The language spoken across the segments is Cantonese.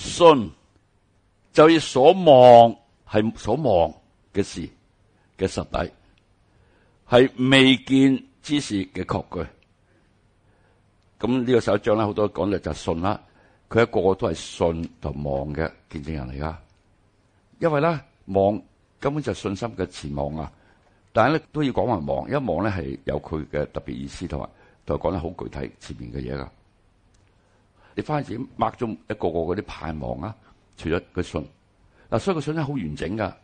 信就要所望係所望嘅事嘅實底，係未見之事嘅確據。咁呢個十一章咧好多講嘅就是信啦，佢一個個都係信同望嘅見證人嚟噶。因為咧望根本就是信心嘅前望啊，但係咧都要講埋望，因為望咧係有佢嘅特別意思同埋，就講得好具體前面嘅嘢噶。你翻去自己抹咗一個個嗰啲盼望啊！除咗個信，嗱、啊，所以個信心好完整噶，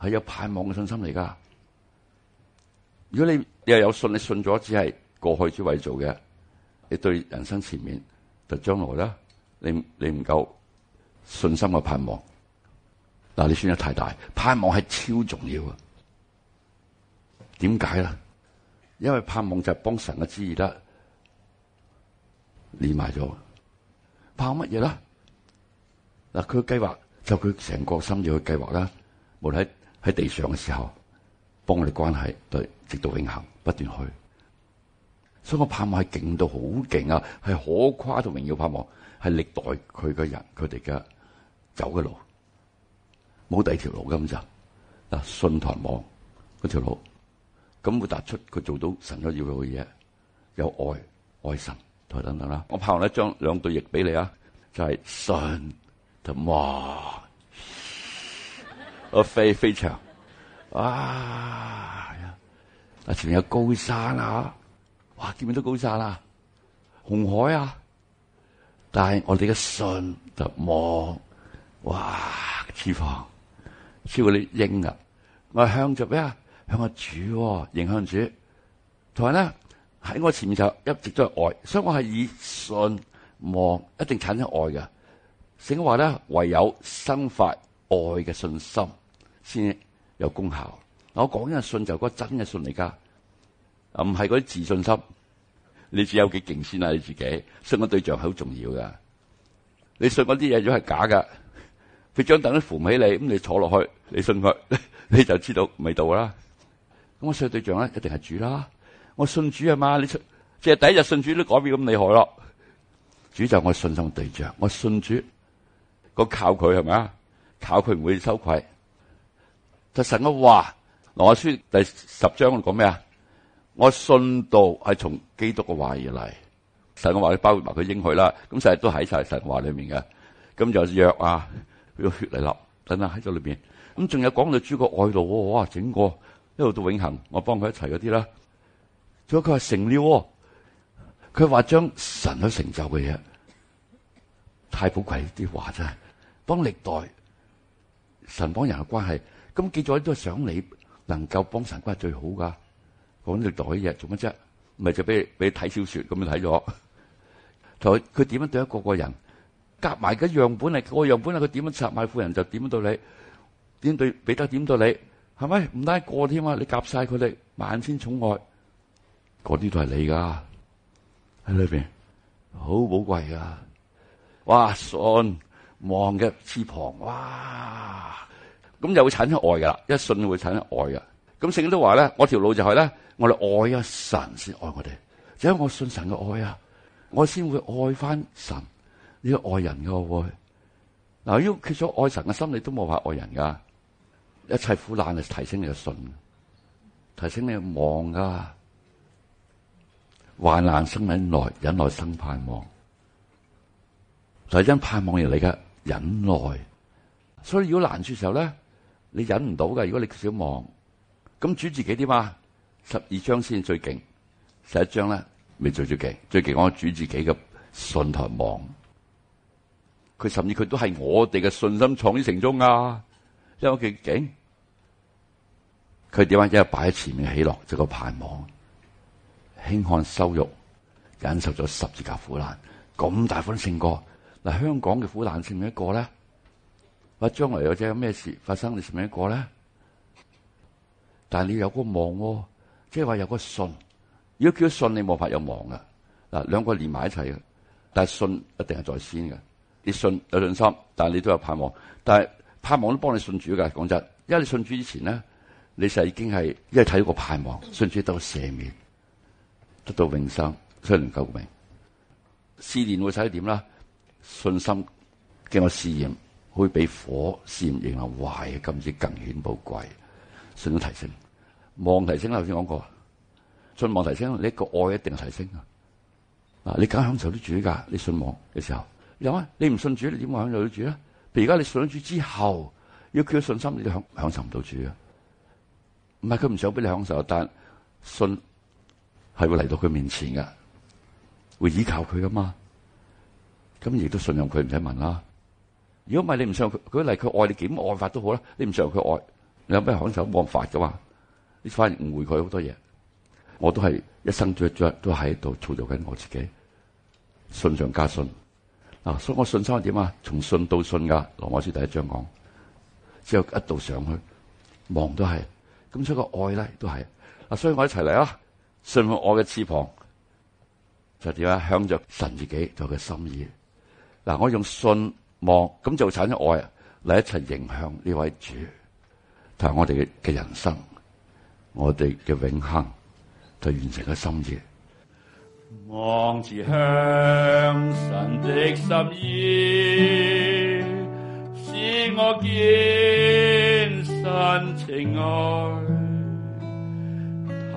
係有盼望嘅信心嚟噶。如果你又有信，你信咗只係過去之位做嘅，你對人生前面就將來啦，你你唔夠信心嘅盼望。嗱、啊，你輸得太大，盼望係超重要啊！點解呢？因為盼望就係幫神嘅旨意啦。連埋咗，怕乜嘢啦？嗱，佢嘅計劃就佢、是、成個心要去計劃啦。無論喺地上嘅時候，幫我哋關係對，直到永恆不斷去。所以我盼望係勁到好勁啊，係可誇到榮耀盼望，係歷代佢嘅人佢哋嘅走嘅路冇第二條路咁就嗱，信和望嗰條路，咁會突出佢做到神所要嘅嘢，有愛愛神。台等等啦，我拍完一張兩對翼俾你啊，就係信同望，我飛非常，啊啊前面有高山啊，哇，見唔見到高山啊，紅海啊，但係我哋嘅信就望，哇，翅膀，超過你鷹啊，我向著咩啊？向個主、啊，迎向主，同埋咧。喺我前面就一直都係愛，所以我係以信望一定產生愛嘅。聖經話咧，唯有生發愛嘅信心先有功效。我講嘅信就嗰真嘅信嚟噶，唔係嗰啲自信心，你只有幾勁先啊你自己。信個對象係好重要噶，你信嗰啲嘢如果係假噶，佢將凳都扶唔起你，咁你坐落去，你信佢你就知道未到啦。咁我信嘅對象咧一定係主啦。我信主啊嘛，你出即係第一日信主都改變咁厲害咯。主就我信心對象，我信主，我靠佢係咪啊？靠佢唔會羞愧。但神嘅話，羅馬書第十章佢講咩啊？我信道係從基督嘅話而嚟。神嘅話佢包括埋佢應許啦，咁實係都喺晒神話裏面嘅。咁就約啊，佢個血嚟立，等等喺咗裏邊。咁仲有講到主角愛路，哇，整個一路到永恆，我幫佢一齊嗰啲啦。所以佢話成了喎，哦，佢話將神去成就嘅嘢太寶貴，啲話真係幫歷代神幫人嘅關係，咁記載都係想你能夠幫神關係最好㗎。講歷代嘢做乜啫？唔係就畀你俾你睇小說咁樣睇咗。同佢點樣對一個個人夾埋個樣本係個樣本啊？佢點樣拆埋婦人就點對你，點對彼得，點對你係咪唔單個添啊？你夾曬佢哋萬千寵愛。嗰啲都係你噶喺裏邊，好寶貴噶。哇！信望嘅翅膀，哇！咁就會產生愛噶啦，一信會產生愛噶。咁聖經都話咧，我條路就係咧，我哋愛一神先愛我哋、這個，因為我信神嘅愛啊，我先會愛返神。呢個愛人嘅愛，嗱，要缺咗愛神嘅心，理都冇話愛人噶。一切苦難係提升你嘅信，提升你嘅望噶。患難生忍耐，忍耐生盼望。就係因盼望而嚟嘅忍耐。所以如果難處嘅時候咧，你忍唔到㗎。如果你少望，咁主自己點啊？十二章先最勁，十一章咧未最最勁。最勁我主自己嘅信和望。佢甚至佢都係我哋嘅信心，創始成終啊！因為佢勁，佢點解一係擺喺前面喜樂，就個、是、盼望。輕看羞辱，忍受咗十字架苦難，咁大款勝過嗱。香港嘅苦難勝唔一個咧，話將來或者有咩事發生，你勝唔一個咧？但係你有個望、啊，即係話有個信。如果佢信你，冇法有望噶嗱，兩個連埋一齊嘅。但係信一定係在先嘅，你信有信心，但係你都有盼望。但係盼望都幫你信主噶。講真，因為你信主之前咧，你就已經係因為睇到個盼望，信主到赦免。得到永生，才能救命。試驗會使點啦？信心經過試驗，會俾火試驗，然後壞，甚至更顯寶貴。信望提升，望提升啦。頭先講過，信望提升，你一個愛一定提升啊！啊，你梗享受啲主噶？你信望嘅時候有啊？你唔信主，你點會享受啲主咧？而家你信咗主之後，要缺信心，你都享享受唔到主啊？唔係佢唔想俾你享受，但信。係會嚟到佢面前噶會依靠佢噶嘛咁亦都信任佢唔使問啦。如果唔係你唔信任佢，佢嚟，佢愛你點愛法都好啦。你唔信任佢愛，你有咩享受？冇辦法噶嘛你反而誤會佢好多嘢。我都係一生，一生在在都喺度操作緊我自己，信上加信，啊，所以我信心點啊？從信到信噶，《羅馬書》第一章講，之後一度上去，望都係咁。所以個愛咧都係，所以我一齊嚟啊！信和望嘅翅膀就點啊？向着神自己就嘅心意。嗱、啊，我用信望咁就產生愛啊！嚟一齊迎向呢位主，但就我哋嘅人生，我哋嘅永恒就完成咗心意。望住向神的心意，使我見神情愛。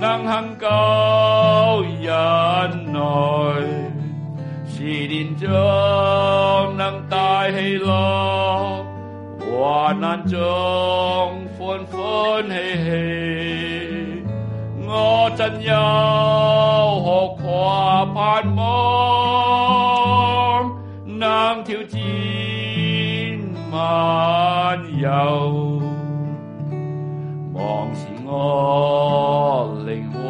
能恆久忍耐，試煉中能大喜樂，患難中歡歡喜喜。我真有可誇盼望，能挑戰萬有。